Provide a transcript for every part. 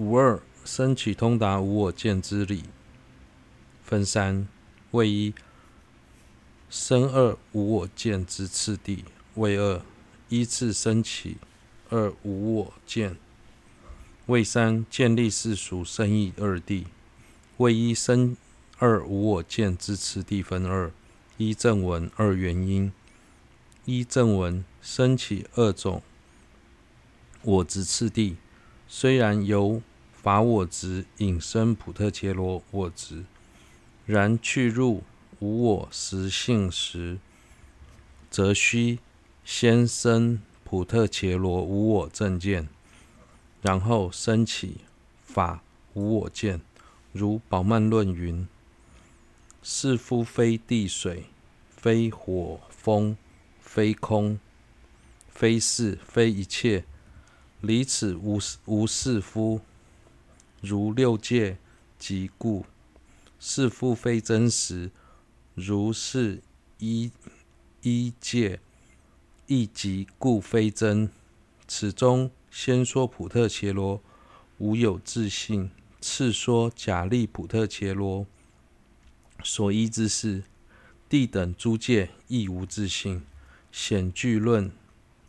午二、生起通達無我見之理，分三。未一，生二無我見之次第。未二，依次生起二無我見，未三、建立世俗、勝義二諦。未一、生二無我見之次第分二一正文。二、原因。一、正文。生起二種我執次第，雖然由法我執，引生普特伽羅我執；然趣入無我實性時，則須先生普特伽羅無我正見，然後生起法無我見。如寶鬘論云：“士夫非地水，非火風，非空，非識非一切，離此無無士夫。”如六界集故，士夫非真實，如是一一界亦集故非真。此中先說補特伽羅無有自性；次說假立補特伽羅所依之事，地等諸界亦無自性。顯句論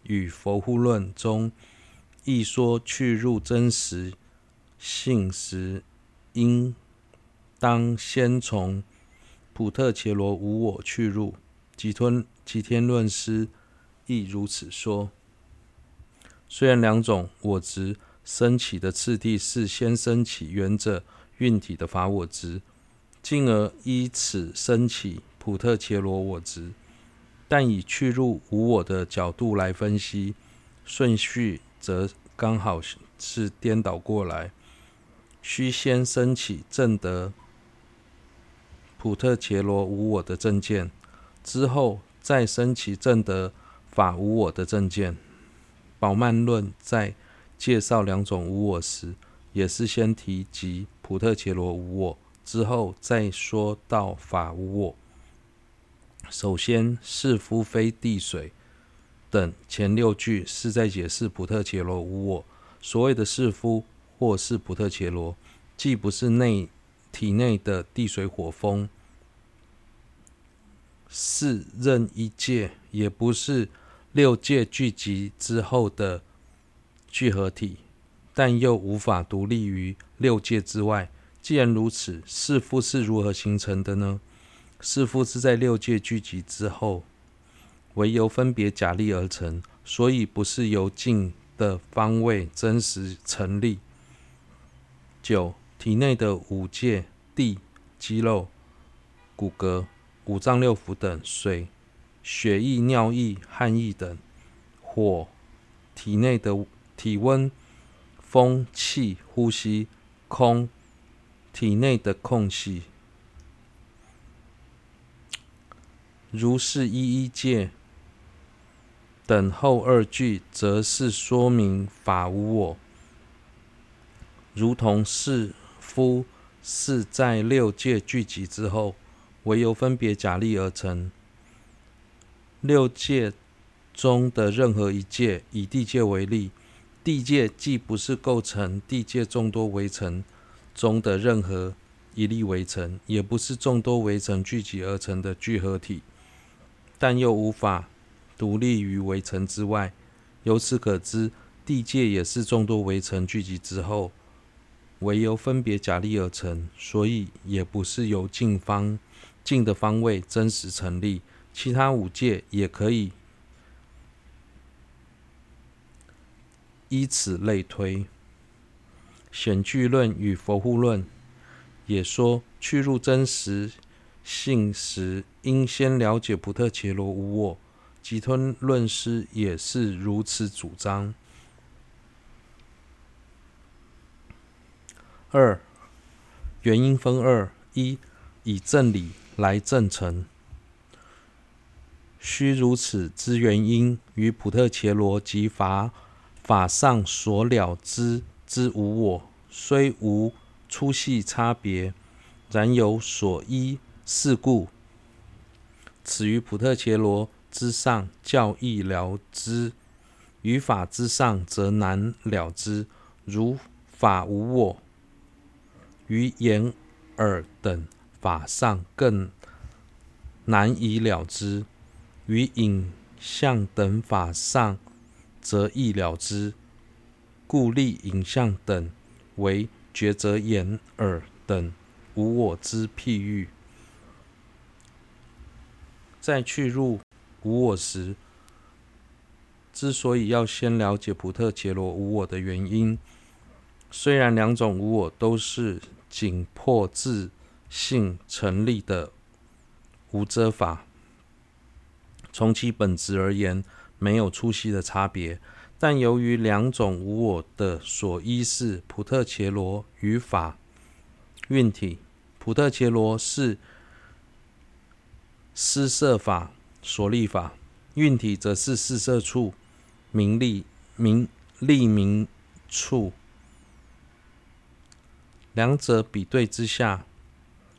與佛護論中亦說趣入真實。性時應當先從補特伽羅無我趣入，吉吞寂天論師亦如此說。雖然兩種我執生起的次第是先生起緣著蘊體的法我執，進而依此生起補特伽羅我執，但以趣入無我的角度來分析，順序則剛好是顛倒過來。須先生起證得補特伽羅無我的正見，之後再生起證得法無我的正見。寶鬘論在介紹兩種無我時，也是先提及補特伽羅無我，之後再說到法無我。首先，士夫非地水等前六句是在解釋補特伽羅無我，所謂的“士夫”。或是補特伽羅，既不是內體內的地水火風，是任一界，也不是六界聚集之後的聚合體，但又無法獨立於六界之外。既然如此，士夫是如何形成的呢？士夫是在六界聚集之後，唯由分別假立而成，所以不是由境的方位真實成立。九體內的五界：地、肌肉、骨骼、五臟六腑等；水、血液、尿液、汗液等；火，體內的體溫；風、氣、呼吸、空，體內的空隙。如是一一界等後二句，則是說明法無我。如同士夫是在六界聚集之後，唯由分別假立而成。六界中的任何一界，以地界為例，地界既不是構成地界眾多微塵中的任何一粒微塵，也不是眾多微塵聚集而成的聚合體，但又無法獨立於微塵之外。由此可知，地界也是眾多微塵聚集之後。唯由分別假立而成，所以也不是由境方、境的方位真實成立，其他五界也可以依此類推。顯句論與佛護論也說趣入真實性時，應先了解補特伽羅無我，寂天論師也是如此主張。二、原因分二一、以正理來證成，須如此之原因，於補特伽羅及法法上所了知之，之無我，雖無粗細差別，然有所依故，是故此於補特伽羅之上較易了知，於法之上則難了知，如法無我。於眼、耳等法上更難以了知，於影像等法上則易了知，故立影像等為抉擇眼、耳等無我之譬喻。在趣入無我時，之所以要先了解補特伽羅無我的原因，雖然兩種無我都是。僅破自性成立的無遮法，從其本質而言沒有粗細的差別，但由於兩種無我的所依事補特伽羅與法、蘊體，補特伽羅是施設法、所立法，蘊體則是施設處立名、立名處。兩者比對之下，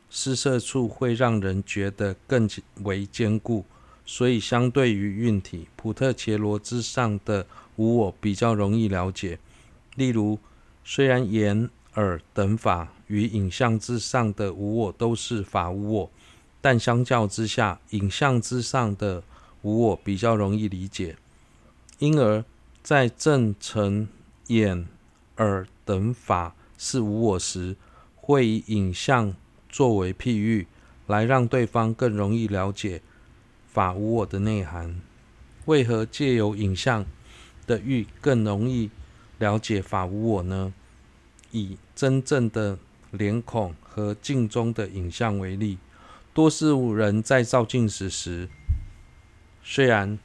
施設處會讓人覺得更為堅固，所以相對於蘊體，補特伽羅之上的無我比較容易了解。例如，雖然眼、耳等法與影像之上的無我都是法無我，但相較之下，影像之上的無我比較容易理解。因而，在證成眼、耳等法，是無我時，會以影像作為譬喻，來讓對方更容易了解法無我的內涵。為何借由影像的喻更容易了解法無我呢？以真正的臉孔和鏡中的影像為例，多數人在照鏡子時，雖然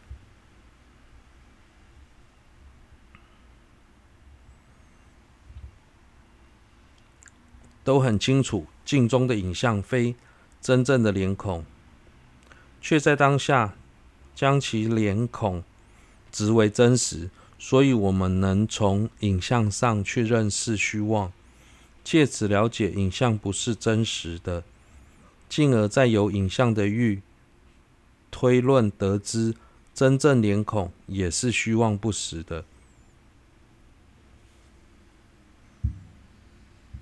都很清楚鏡中的影像非真正的臉孔，卻在當下將其臉孔執為真實，所以我們能從影像上去認識虛妄，借此了解影像不是真實的，進而再由影像的喻推論得知，真正臉孔也是虛妄不實的。